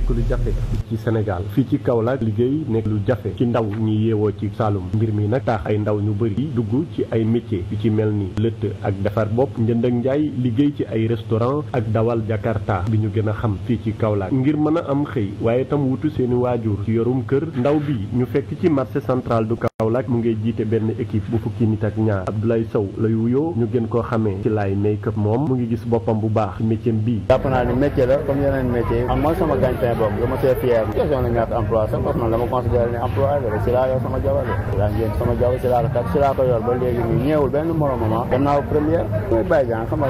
nekk lu jafe ci Sénégal fii ci Kaolack liggéey nekk lu jafe ci ndaw ñi yeewoo ci Saloum mbir mi nag tax ay ndaw ñu bëri dugg ci ay métier yu ci mel ni lëtt ak defar bopp njënd ak njaay liggéey ci ay restaurant ak dawal Jakarta bi ñu gën a xam fii ci Kaolack ngir mën a am xëy waaye tam wutu seeni waajur ci yorum kër ndaw bi ñu fekk ci marché central du Kaolack mu ngi jiite benn équipe bu fukki nit ak ñaar Abdoulaye Sow lay wuyoo ñu gën koo xamee ci laay make moom mu ngi gis boppam bu baax ci bi terrain boobu dama see fier question la ñaata emploi sax parce que man dama considéré ne emploi la si muy bàyyi gan xam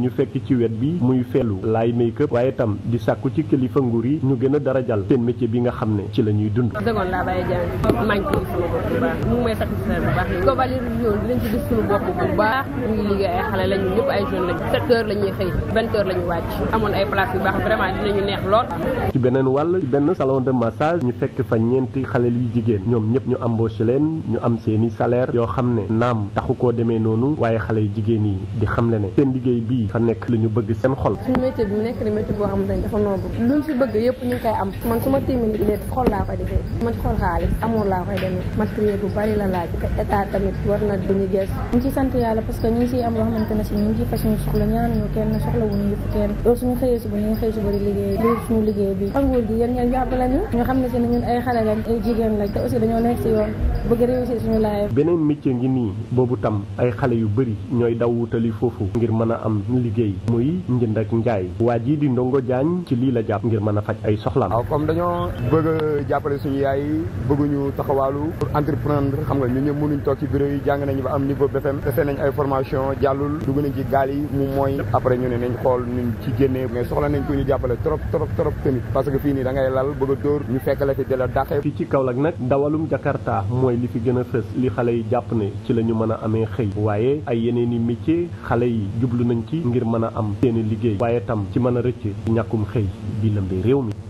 nga a bi muy fellu laay waaye tam di sàkku ci kilifa nguur yi ñu gën a darajal seen métier bi nga xam ne ci la dund gis suñu bopp bu baax ñu liggéey ay xale lañu ñëpp ay jeunes lañu sept heures xëy vingt heures la wàcc amoon ay place yu baax vraiment dinañu neex lool ci beneen wàll benn salon de massage ñu fekk fa ñeenti xale yu jigéen ñoom ñépp ñu embauché leen ñu am seeni saleer yoo xam ne naam taxu koo deme noonu waaye xale yu jigéen yi di xam le ne seen liggéey bi fa nekk lu ñu bëgg seen xol suñu métier bi nekk na métier boo xamante ne dafa noobu bëgg yëpp am man su laa jël ñu ngi ciy sant yàlla parce que ñu ngi ciy am loo xamante ne si ñu ngi ciy faj suñu soxla ñaanuñu kenn soxla wuñu yëpp kenn loolu suñu xëyee suba ñu ngi xëy suba di liggéey li suñu liggéey bi ak nguur gi yéen ngeen jàppale ñu ñu xam ne si ne ñun ay xale lañ ay jigéen lañ te aussi dañoo nekk si yoon bëgg réussir suñu laay beneen métier ngi nii boobu tam ay xale yu bëri ñooy daw wutali foofu ngir mën a am liggéey muy njënd ak njaay waa jii di ndongo jaañ ci lii la jàpp ngir mën a faj ay soxlaam waaw comme dañoo bëgg a jàppale suñu yaay bëgguñu taxawaalu pour entreprendre xam nga ñu ñëpp mënuñ toog ci bureau yi jàng nañu ba am dem niveau BFM defee nañ ay formation jàllul dugg nañ ci gaal yi moom mooy après ñu ne nañ xool ñun ci génnee mais soxla nañ ko ñu jàppale trop trop trop tamit parce que fii nii da ngay lal bëgg a dóor ñu fekk la fi di la dàqe fii ci Kaolack nag dawalum Jakarta mooy li fi gën a fës li xale yi jàpp ne ci la ñu mën a amee xëy waaye ay yeneen i métier xale yi jublu nañ ci ngir mën a am seen liggéey waaye tam ci mën a rëcc ñàkkum xëy bi lëmbee réew mi